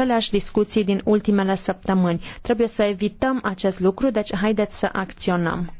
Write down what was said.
aceleași discuții din ultimele săptămâni. Trebuie să evităm acest lucru, deci haideți să acționăm.